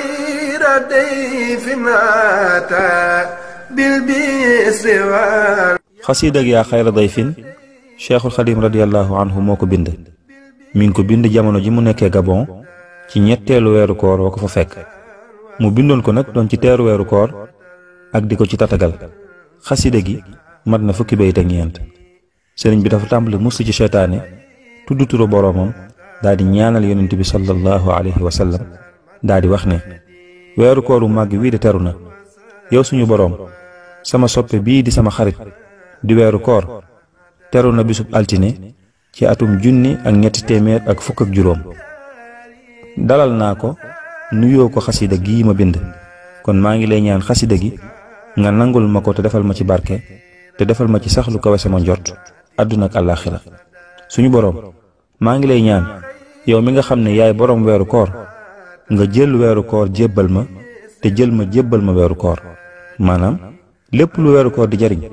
غير ضيف مات بالبسر xasiida ak yaa xayra dayfin cheikhul xadim radiallahu anhu moo ko bind mi ko bind jamono ji mu nekkee gabon ci ñetteelu weeru koor woo ko fa fekk mu bindoon ko nag doon ci teeru weeru koor ak di ko ci tatagal xasida gi mat na fukki bayit ak ñeent bi dafa tàmbali muslu ci seytaane tudd turu boroomam daal di ñaanal yonent bi sallallahu alayhi wa Dari wax ne wéru kooru màgg wi de teruna yow suñu borom sama soppe bi di sama xarit di wéru koor teruna bisub altine ci atum junni ak ñetti témèr ak fukk ak juroom dalal nako nuyo ko xasida gi ma bind kon ma ngi lay ñaan xasida gi nga nangul mako te defal ma ci barke te defal ma ci sax lu kawé sama njort aduna ak alakhirah suñu borom ma ngi lay ñaan yow mi nga xamné yaay borom wéru koor nga jël weeru koor jébbal ma te jël ma jébbal ma weeru koor maanaam lépp lu weeru koor di jariñ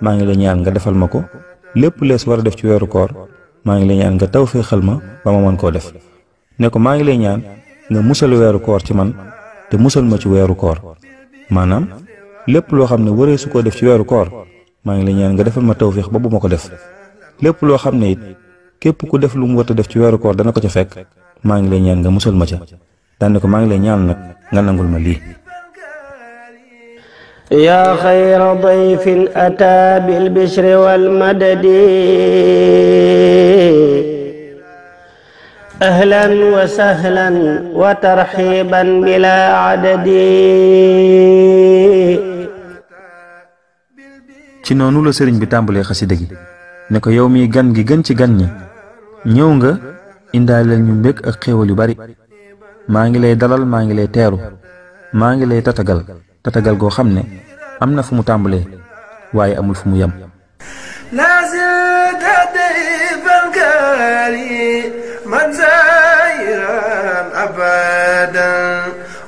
maa ngi la ñaan nga defal ma ko lépp lees war a def ci weeru koor maa ngi lay ñaan nga taw féexal ma ba ma mën koo def ne ko maa ngi lay ñaan nga musal weeru koor ci man te musal ma ci weeru koor maanaam lépp loo xam ne waree su koo def ci weeru koor maa ngi lay ñaan nga defal ma taw féex ba bu ma ko def lépp loo xam ne it képp ku def lu mu war a def ci weeru koor dana ko ca fekk maa ngi lay ñaan nga musal ma ca daan ko maa ngi lay ñaan nag nga nangul ma lii yaa xayra dayfin ataa bil bishri wal madadi ahlan wa sahlan wa tarxiban bila adadi ci noonu la sëriñ bi tàmbalee xasida gi ne ko yow mi gan gi gën ci gan ñi ñëw nga indaale ñu mbég ak xéewal yu bari maa ngi lay dalal maa ngi lay teeru maa ngi lay tatagal tatagal goo xam ne am na fu mu tàmbalee waaye amul fu mu yem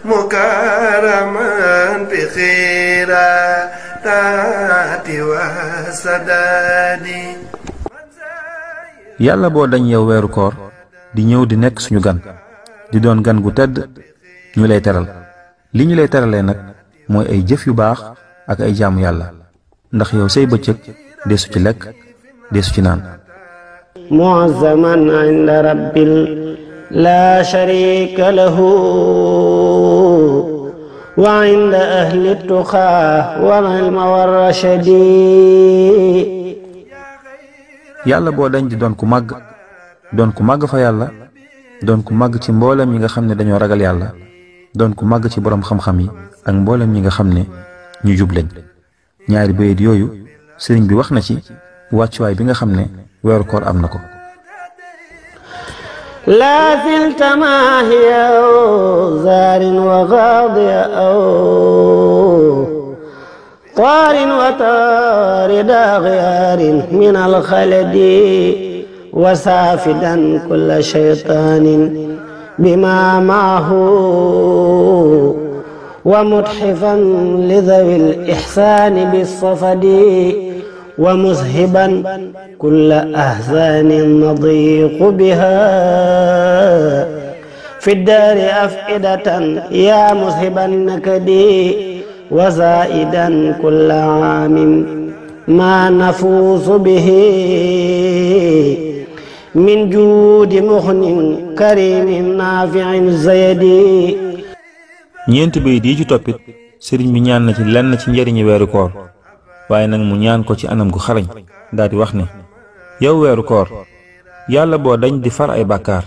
مكرما بخيرات وسداد yàlla boo dañ yow weeru koor di ñëw di nekk suñu gan di doon gan gu tedd ñu lay teral li ñu lay teralee nag mooy ay jëf yu baax ak ay jaamu yàlla ndax yow say bëccëg desu ci lekk desu ci naan muazzaman inda rabbil la sharika lahu wa inda ahli tuqa wal ilma war rashadi yàlla boo dañ di doon ku màgg doon ku màgg fa yàlla don ku mag ci mbolam yi nga xamne dañu ragal yàlla don ku mag ci borom xam-xam yi ak mbolam yi nga xamne ñu jub lañ ñaari beet yoyu serigne bi waxna ci waccu way bi nga xamne wër koor am na لا زلت ماهي أو زار وغاضيا أو طار وطار داغيار من الخلد وسافدا كل شيطان بما معه ومتحفا لذوي الإحسان بالصفد ومذهبا كل أهزان نضيق بها في الدار أفئدة يا مذهبا النكد وزائدا كل عام ما نفوز به min juudi muxnin karimin naafiin zayadi ñeenti bay dii ci toppit sëriñ bi ñaan na ci lenn ci njëriñi weeru koor waaye nag mu ñaan ko ci anam gu xarañ daal di wax ne yow weeru koor yàlla boo dañ di far ay bàkkaar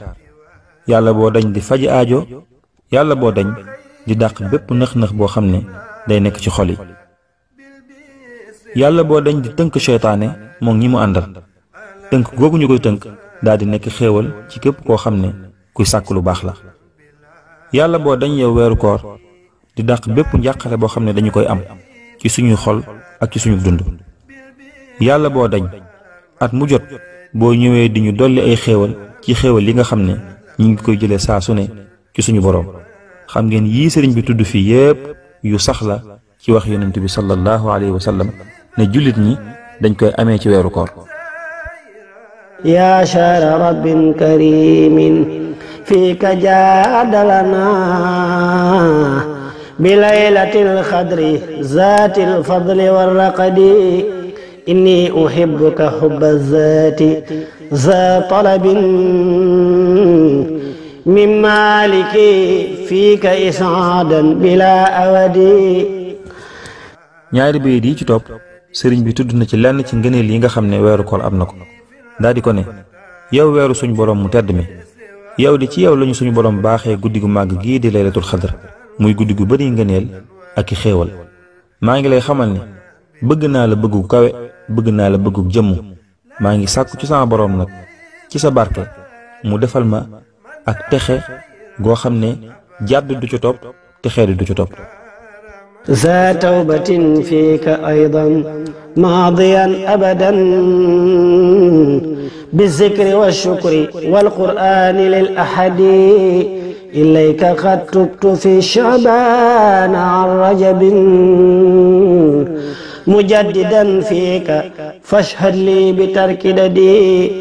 yàlla boo dañ di faji aajo yàlla boo dañ di dàq bépp nëx-nëx boo xam ne day nekk ci xol yi yàlla boo dañ di tënk seytaane moom ñi mu àndal tënk googu koy tënk daal di nekk xéewal ci képp koo xam ne kuy sàkk lu baax la yàlla boo dañ yow weeru koor di dàq bépp njàqale boo xam ne dañu koy am ci suñuy xol ak ci suñu dund yàlla boo dañ at mu jot boo ñëwee di ñu dolli ay xéewal ci xéewal yi nga xam ne ñu ngi koy jëlee saa su ne ci suñu boroom xam ngeen yii sëriñ bi tudd fii yépp yu sax la ci wax yonent bi sallallahu alayhi wa ne jullit ñi dañ koy amee ci weeru koor يا شرر بن كريم فيك جاد لنا بليلة الخدر ذات الفضل والرقد إني أحبك حب الذات ذا طلب من مالك فيك إسعادا بلا أود ñaari bayit yi ci topp sëriñ bi tudd na ci lenn ci ngëneel yi nga xam ne weeru koor am na ko daal di ko ne yow weeru suñu borom mu tedd mi yow di ci yow lañu suñu borom baaxee guddi gu màgg gii di laylatul xadar muy guddi gu bëri ngëneel ak i xéewal maa ngi lay xamal ne bëgg naa la bëggu kawe bëgg naa la bëggu jëmm maa ngi sàkku ci sama borom nag ci sa barke mu defal ma ak texe goo xam ne jàdd du ci topp te xeetu du ci topp ذا توبة فيك أيضا ماضيا أبدا بالذكر والشكر والقرآن للأحد إليك قد تبت في شعبان عن رجب مجددا فيك فاشهد لي بترك ددي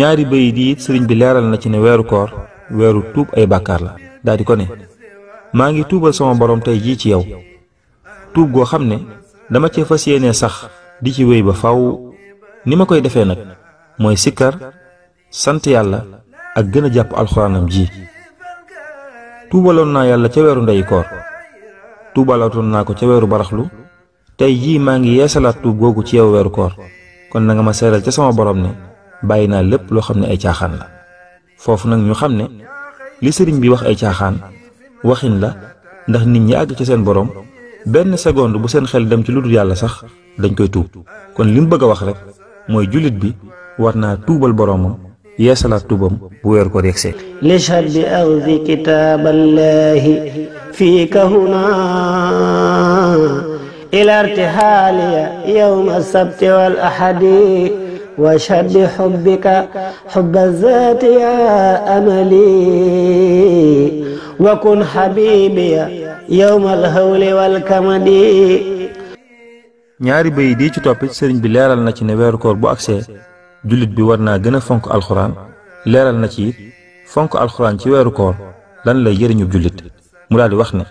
ñaari bayit yi sëriñ bi leeral na ci ne weeru koor weeru tuub ay bàkkaar la daal di ko ne maa ngi tuubal sama boroom tey jii ci yow tuub goo xam ne dama cee fas yéene sax di ci wéy ba faw ni ma koy defee nag mooy sikkar sant yàlla ak gën a jàpp alxuraanam ji tuubaloon naa yàlla ca weeru ndeyu koor tuubalaatoon naa ko ca weeru baraxlu tey jii maa ngi yeesalaat tuub googu ci yow weeru koor kon na nga ma seeral ca sama boroom ne bàyyi naa lépp loo xam ne ay caaxaan la foofu nag ñu xam ne li sëriñ bi wax ay caaxaan waxin la ndax nit ñi àgg ci seen borom ben seconde bu seen xel dem ci luddul yàlla sax dañ koy tuub kon lim bëgg wax rek moy julit bi warna tuubal boromam yeesalaat tuubam bu wër ko rek seet lishhad bi axdi kitaaballahi fiika huna ila irtihaliya yawm as-sabt wal ahadi واشهد بحبك حب الذات يا أملي وكن حبيبي يوم الهول والكمد ñaari bay di ci toppit sëriñ bi leeral na ci ne weeru koor bu agsee jullit bi war naa a fonk alxuraan leeral na ci fonk alxuraan ci weeru koor lan lay jëriñu jullit mu daal di wax ne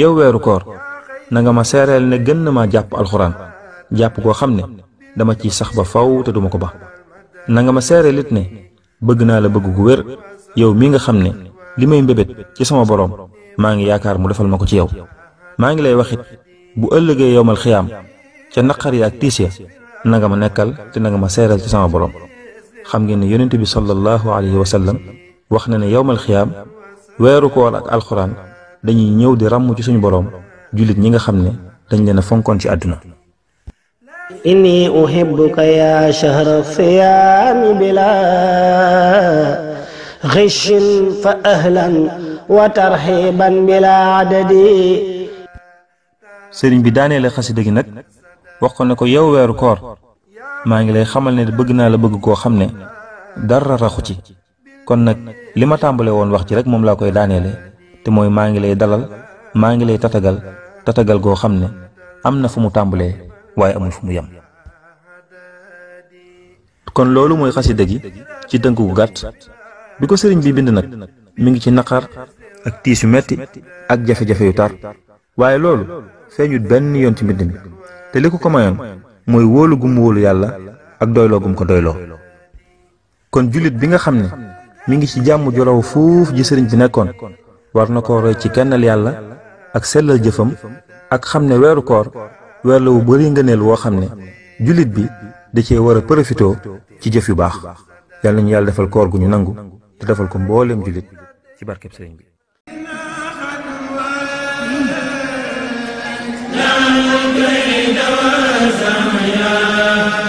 yow weeru koor na nga ma seereel ne gën na maa jàpp alxuraan jàpp koo xam dama ciy sax ba faw te duma ko ba nanga ma seereel it ne bëgg naa la bëgg gu wér yow mi nga xam ne li may mbébét ci sama boroom maa ngi yaakaar mu defal ma ko ci yow maa ngi lay waxit bu ëllëgee yowmal xiyaam ca naqar ya ak tiis ya nanga ma nekkal te nanga ma seereel ci sama boroom xam ngeen ne yonent bi sallallahu alayhi wa sallam wax na ne yowmal xiyaam weeru koor ak alxuraan dañuy ñëw di ràmm ci suñu boroom jullit ñi nga xam ne dañ leen fonkoon ci àdduna إني أحبك يا شهر الصيام بلا غش فأهلا وترحيبا بلا عدد سيرين بداني دانيال خاسي دغي نك واخو يو وير كور ماغي لاي خامل ني بغنا لا كو خامني دار راخو كون نك لما تامبلي وون واخ تي رك موم لا كوي دانيال تي موي ماغي لاي دالال ماغي لاي تاتغال تاتغال كو خامني امنا فمو تامبلي waaye amul fu mu yem kon loolu mooy xasida gi ci tënk gu gàtt bi ko sëriñ bi bind nag mi ngi ci naqar ak tiis yu metti ak jafe-jafe yu tar waaye loolu feeñut benn yoon ci mbind mi te li ko ko mayoon mooy wóolu gum wóolu yàlla ak doyloo gum ko doyloo kon jullit bi nga xam ne mi ngi ci jàmm jolow fuuf ji sëriñ bi nekkoon war na ko roy ci kennal yàlla ak sellal jëfam ak xam ne weeru koor weer la wu bëri woo xam ne jullit bi da cee war a profitoo ci jëf yu baax yal nañu yàlla defal koor gu ñu nangu te defal ko mbooleem jullit ci barkeb sëriñ bi